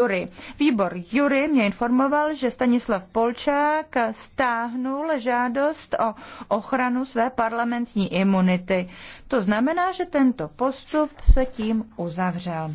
Jury. Výbor Jury mě informoval, že Stanislav Polčák stáhnul žádost o ochranu své parlamentní imunity. To znamená, že tento postup se tím uzavřel.